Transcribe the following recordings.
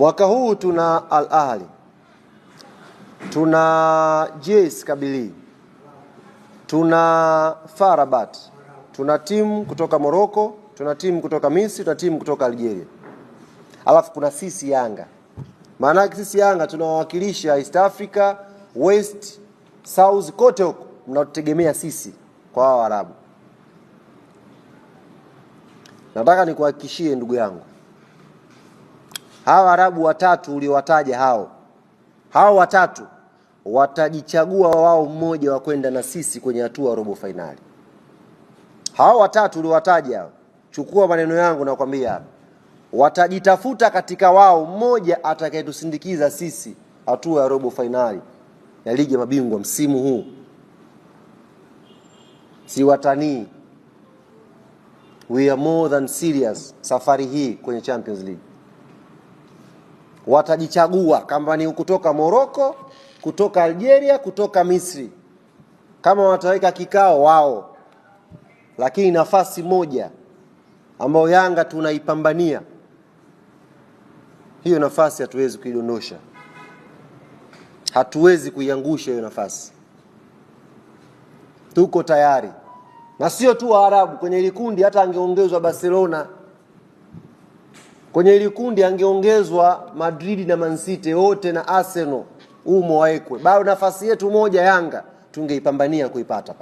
Mwaka huu tuna Al Ahli, tuna JS Kabili, tuna FAR Rabat, tuna timu kutoka Morocco, tuna timu kutoka Misri, tuna timu kutoka Algeria, alafu kuna sisi Yanga. maana yake sisi Yanga tunawawakilisha East Africa, West, South, kote huko mnatutegemea sisi kwa hao Waarabu. Nataka nikuhakikishie ndugu yangu hawa Arabu watatu uliowataja hao hao watatu watajichagua wao mmoja wa kwenda na sisi kwenye hatua ya robo fainali. Hao watatu uliowataja, chukua maneno yangu na kwambia, watajitafuta katika wao mmoja atakayetusindikiza sisi hatua ya robo fainali ya ligi ya mabingwa msimu huu. Si watanii, we are more than serious safari hii kwenye Champions League watajichagua kama ni kutoka Moroko, kutoka Algeria, kutoka Misri, kama wataweka kikao wao, lakini nafasi moja ambayo Yanga tunaipambania hiyo nafasi hatuwezi kuidondosha, hatuwezi kuiangusha hiyo nafasi. Tuko tayari na sio tu Waarabu kwenye hili kundi, hata angeongezwa Barcelona Kwenye ili kundi angeongezwa Madrid na Man City wote na Arsenal umo waekwe, bado nafasi yetu moja Yanga tungeipambania kuipata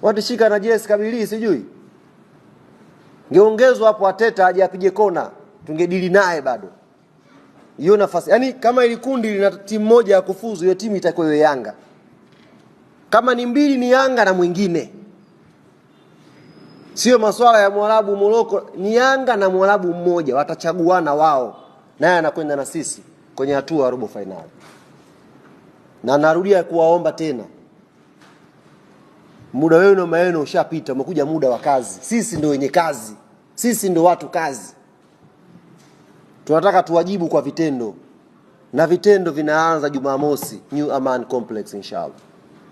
pale. shika na Jesse kabili, sijui ngeongezwa hapo, Ateta aje apige kona, tungedili naye bado hiyo nafasi. Yani kama ili kundi lina timu moja ya kufuzu, hiyo timu itakuwa Yanga, kama ni mbili ni Yanga na mwingine sio maswala ya Mwarabu Moroko. Ni Yanga na Mwarabu mmoja watachaguana wao, naye anakwenda na sisi kwenye hatua ya robo fainali. Na narudia kuwaomba tena, muda wenu maeno ushapita, umekuja muda wa kazi. Sisi ndio wenye kazi, sisi ndio watu kazi. Tunataka tuwajibu kwa vitendo, na vitendo vinaanza Jumamosi New Aman Complex, inshallah.